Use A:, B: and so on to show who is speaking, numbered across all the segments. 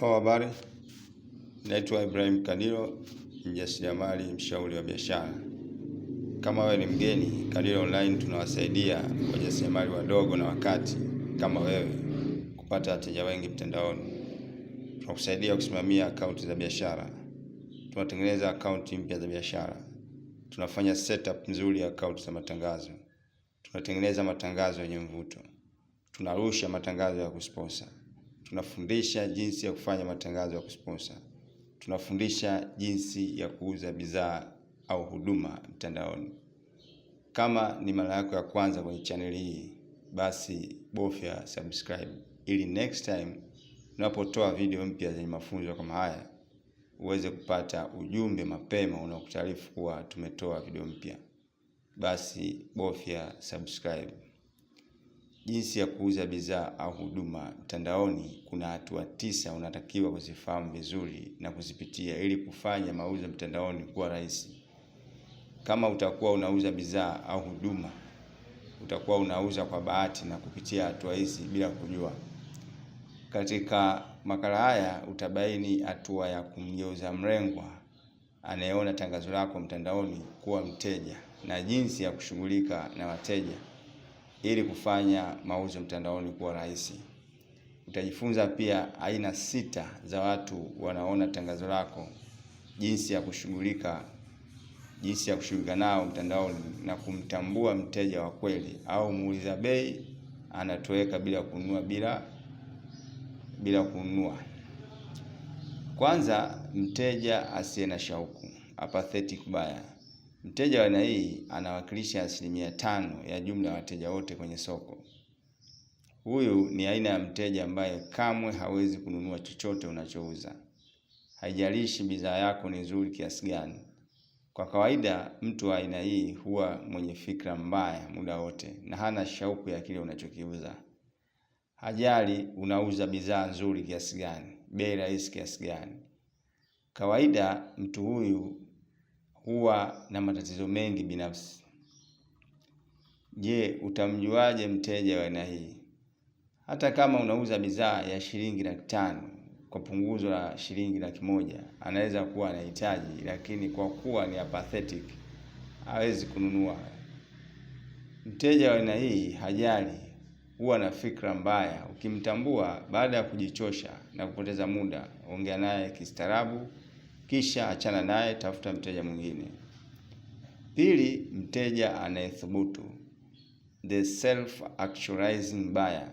A: Habari, naitwa Ibrahim Kadilo, mjasiriamali, mshauri wa biashara. Kama wewe ni mgeni, Kadilo Online tunawasaidia wajasiriamali wadogo na wakati kama wewe kupata wateja wengi mtandaoni. Tunakusaidia kusimamia akaunti za biashara, tunatengeneza akaunti mpya za biashara, tunafanya setup nzuri ya akaunti za matangazo, tunatengeneza matangazo yenye mvuto, tunarusha matangazo ya kusponsor tunafundisha jinsi ya kufanya matangazo ya kusponsor, tunafundisha jinsi ya kuuza bidhaa au huduma mtandaoni. Kama ni mara yako ya kwanza kwenye chaneli hii, basi bofya subscribe ili next time unapotoa video mpya zenye mafunzo kama haya uweze kupata ujumbe mapema unaokutaarifu kuwa tumetoa video mpya. Basi bofya subscribe. Jinsi ya kuuza bidhaa au huduma mtandaoni, kuna hatua tisa unatakiwa kuzifahamu vizuri na kuzipitia ili kufanya mauzo mtandaoni kuwa rahisi. Kama utakuwa unauza bidhaa au huduma, utakuwa unauza kwa bahati na kupitia hatua hizi bila kujua. Katika makala haya utabaini hatua ya kumgeuza mlengwa anayeona tangazo lako mtandaoni kuwa mteja na jinsi ya kushughulika na wateja ili kufanya mauzo mtandaoni kuwa rahisi. Utajifunza pia aina sita za watu wanaona tangazo lako, jinsi ya kushughulika jinsi ya kushughulika nao mtandaoni na kumtambua mteja wa kweli au muuliza bei anatoweka bila kununua bila bila kununua. Kwanza, mteja asiye na shauku, apathetic buyer. Mteja wa aina hii anawakilisha asilimia tano ya jumla ya wateja wote kwenye soko. Huyu ni aina ya mteja ambaye kamwe hawezi kununua chochote unachouza, haijalishi bidhaa yako ni nzuri kiasi gani. Kwa kawaida, mtu wa aina hii huwa mwenye fikra mbaya muda wote na hana shauku ya kile unachokiuza. Hajali unauza bidhaa nzuri kiasi gani, bei rahisi kiasi gani. Kawaida mtu huyu huwa na matatizo mengi binafsi. Je, utamjuaje mteja wa aina hii? Hata kama unauza bidhaa ya shilingi laki tano kwa punguzo la shilingi laki moja anaweza kuwa anahitaji, lakini kwa kuwa ni apathetic hawezi kununua. Mteja wa aina hii hajali, huwa na fikra mbaya. Ukimtambua baada ya kujichosha na kupoteza muda, ongea naye kistaarabu kisha achana naye, tafuta mteja mwingine. Pili, mteja anayethubutu, the self actualizing buyer.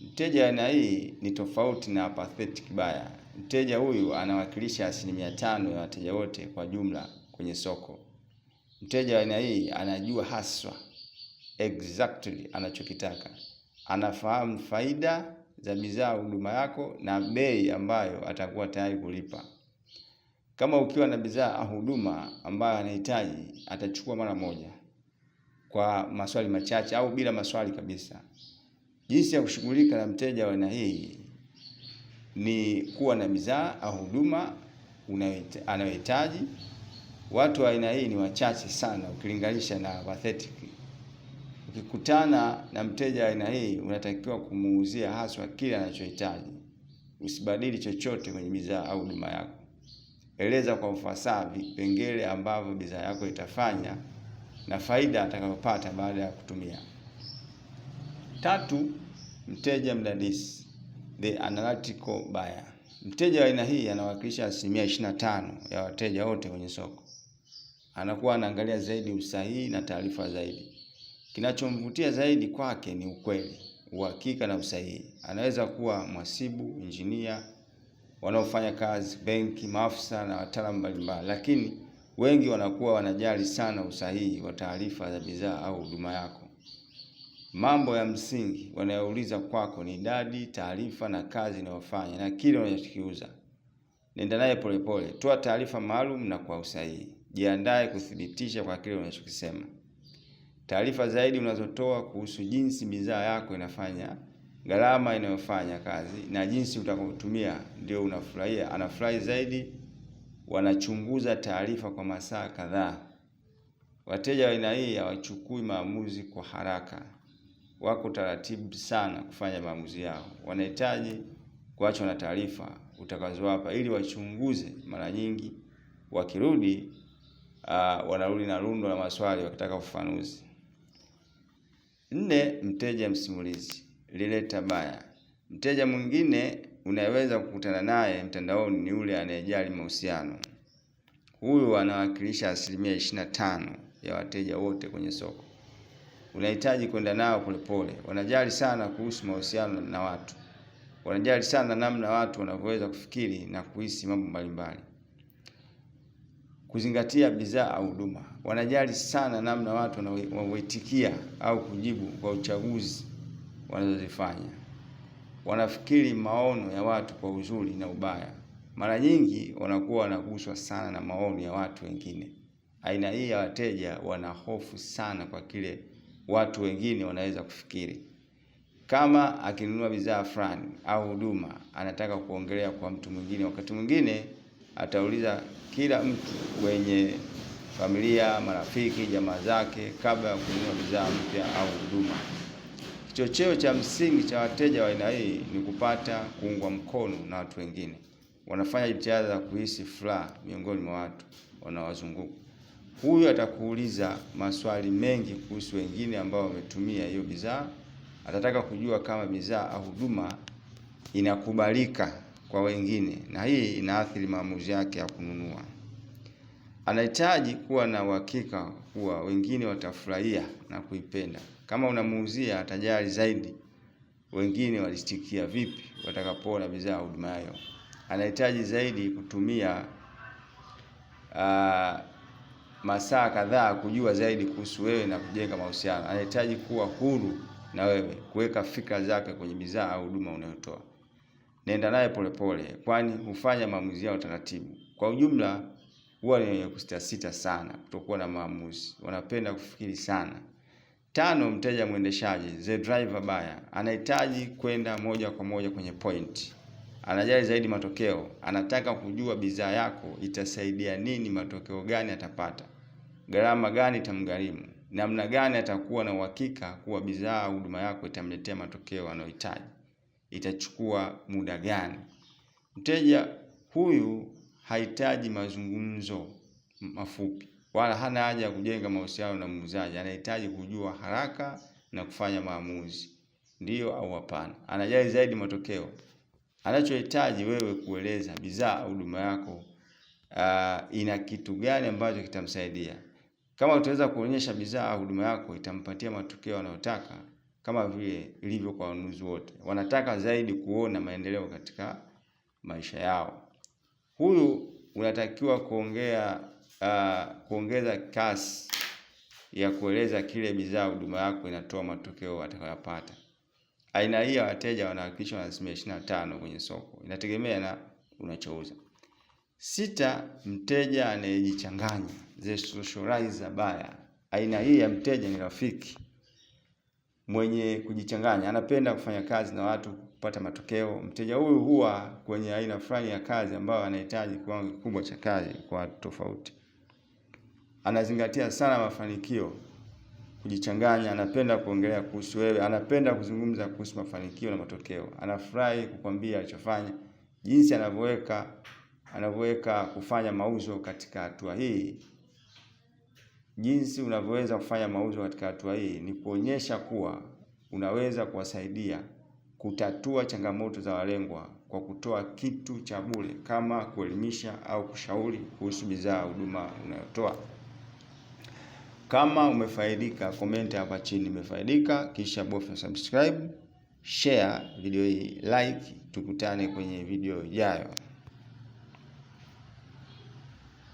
A: Mteja aina hii ni tofauti na apathetic buyer. Mteja huyu anawakilisha asilimia tano ya wateja wote kwa jumla kwenye soko. Mteja aina hii anajua haswa exactly anachokitaka, anafahamu faida za bidhaa huduma yako na bei ambayo atakuwa tayari kulipa. Kama ukiwa na bidhaa au huduma ambayo anahitaji, atachukua mara moja kwa maswali machache au bila maswali kabisa. Jinsi ya kushughulika na mteja wa aina hii ni kuwa na bidhaa au huduma anayohitaji. Watu wa aina hii ni wachache sana ukilinganisha na pathetic. Ukikutana na mteja wa aina hii, unatakiwa kumuuzia haswa kile anachohitaji. Usibadili chochote kwenye bidhaa au huduma yako eleza kwa ufasaha vipengele ambavyo bidhaa yako itafanya na faida atakayopata baada ya kutumia. Tatu, mteja mdadisi, the analytical buyer. Mteja wa aina hii anawakilisha asilimia ishirini na tano ya wateja wote kwenye soko. Anakuwa anaangalia zaidi usahihi na taarifa zaidi. Kinachomvutia zaidi kwake ni ukweli, uhakika na usahihi. Anaweza kuwa mwasibu injinia wanaofanya kazi benki, maafisa na wataalamu mbalimbali, lakini wengi wanakuwa wanajali sana usahihi wa taarifa za bidhaa au huduma yako. Mambo ya msingi wanayouliza kwako ni idadi, taarifa na kazi inayofanya na kile unachokiuza. Nenda naye polepole, toa taarifa maalum na kwa usahihi. Jiandae kuthibitisha kwa kile unachokisema. Taarifa zaidi unazotoa kuhusu jinsi bidhaa yako inafanya gharama inayofanya kazi na jinsi utakavyotumia, ndio unafurahia, anafurahi zaidi. Wanachunguza taarifa kwa masaa kadhaa. Wateja wa aina hii hawachukui maamuzi kwa haraka, wako taratibu sana kufanya maamuzi yao. Wanahitaji kuachwa na taarifa utakazowapa ili wachunguze. Mara nyingi wakirudi, uh, wanarudi na rundo la maswali wakitaka ufafanuzi. Nne, mteja msimulizi lileta baya. Mteja mwingine unaweza kukutana naye mtandaoni ni yule anayejali mahusiano. Huyu anawakilisha asilimia ishirini na tano ya wateja wote kwenye soko. Unahitaji kwenda nao polepole. Wanajali sana kuhusu mahusiano na watu, wanajali sana namna watu wanavyoweza kufikiri na kuhisi mambo mbalimbali, kuzingatia bidhaa au huduma. Wanajali sana namna watu wanavyoitikia au kujibu kwa uchaguzi wanazozifanya. Wanafikiri maono ya watu kwa uzuri na ubaya. Mara nyingi wanakuwa wanaguswa sana na maono ya watu wengine. Aina hii ya wateja wana hofu sana kwa kile watu wengine wanaweza kufikiri. Kama akinunua bidhaa fulani au huduma, anataka kuongelea kwa mtu mwingine, wakati mwingine atauliza kila mtu wenye familia, marafiki, jamaa zake kabla ya kununua bidhaa mpya au huduma. Kichocheo cha msingi cha wateja wa aina hii ni kupata kuungwa mkono na watu wengine. Wanafanya jitihada za kuhisi furaha miongoni mwa watu wanaowazunguka. Huyu atakuuliza maswali mengi kuhusu wengine ambao wametumia hiyo bidhaa. Atataka kujua kama bidhaa au huduma inakubalika kwa wengine, na hii inaathiri maamuzi yake ya kununua. Anahitaji kuwa na uhakika kuwa wengine watafurahia na kuipenda. Kama unamuuzia atajali zaidi wengine walistikia vipi watakapoona bidhaa huduma yao. Anahitaji zaidi kutumia uh, masaa kadhaa kujua zaidi kuhusu wewe na kujenga mahusiano. Anahitaji kuwa huru na wewe, kuweka fikra zake kwenye bidhaa au huduma unayotoa. Nenda naye polepole, kwani hufanya maamuzi yao taratibu. Kwa ujumla, huwa ni wenye kusitasita sana, kutokuwa na maamuzi, wanapenda kufikiri sana. Tano, mteja mwendeshaji, the driver buyer, anahitaji kwenda moja kwa moja kwenye point. Anajali zaidi matokeo, anataka kujua bidhaa yako itasaidia nini, matokeo gani atapata, gharama gani itamgharimu, namna gani atakuwa na uhakika kuwa bidhaa huduma yako itamletea matokeo anayohitaji, itachukua muda gani. Mteja huyu hahitaji mazungumzo mafupi wala hana haja ya kujenga mahusiano na muuzaji. Anahitaji kujua haraka na kufanya maamuzi, ndio au hapana. Anajali zaidi matokeo. Anachohitaji wewe kueleza bidhaa au huduma yako uh, ina kitu gani ambacho kitamsaidia. Kama utaweza kuonyesha bidhaa au huduma yako itampatia matokeo anayotaka, kama vile ilivyo kwa wanunuzi wote, wanataka zaidi kuona maendeleo katika maisha yao. Huyu unatakiwa kuongea uh, kuongeza kasi ya kueleza kile bidhaa huduma yako inatoa matokeo atakayopata. Aina hii ya wateja wanawakilishwa na asilimia ishirini na tano kwenye soko, inategemea na unachouza. Sita, mteja anayejichanganya, the socializer buyer. Aina hii ya mteja ni rafiki mwenye kujichanganya, anapenda kufanya kazi na watu kupata matokeo. Mteja huyu huwa kwenye aina fulani ya kazi ambayo anahitaji kiwango kikubwa cha kazi kwa watu tofauti anazingatia sana mafanikio, kujichanganya, anapenda kuongelea kuhusu wewe, anapenda kuzungumza kuhusu mafanikio na matokeo, anafurahi kukwambia alichofanya, jinsi anavyoweka anavyoweka kufanya mauzo katika hatua hii. Jinsi unavyoweza kufanya mauzo katika hatua hii ni kuonyesha kuwa unaweza kuwasaidia kutatua changamoto za walengwa kwa kutoa kitu cha bure kama kuelimisha au kushauri kuhusu bidhaa huduma unayotoa. Kama umefaidika, komenti hapa chini umefaidika, kisha bofya subscribe, share video hii, like. Tukutane kwenye video ijayo.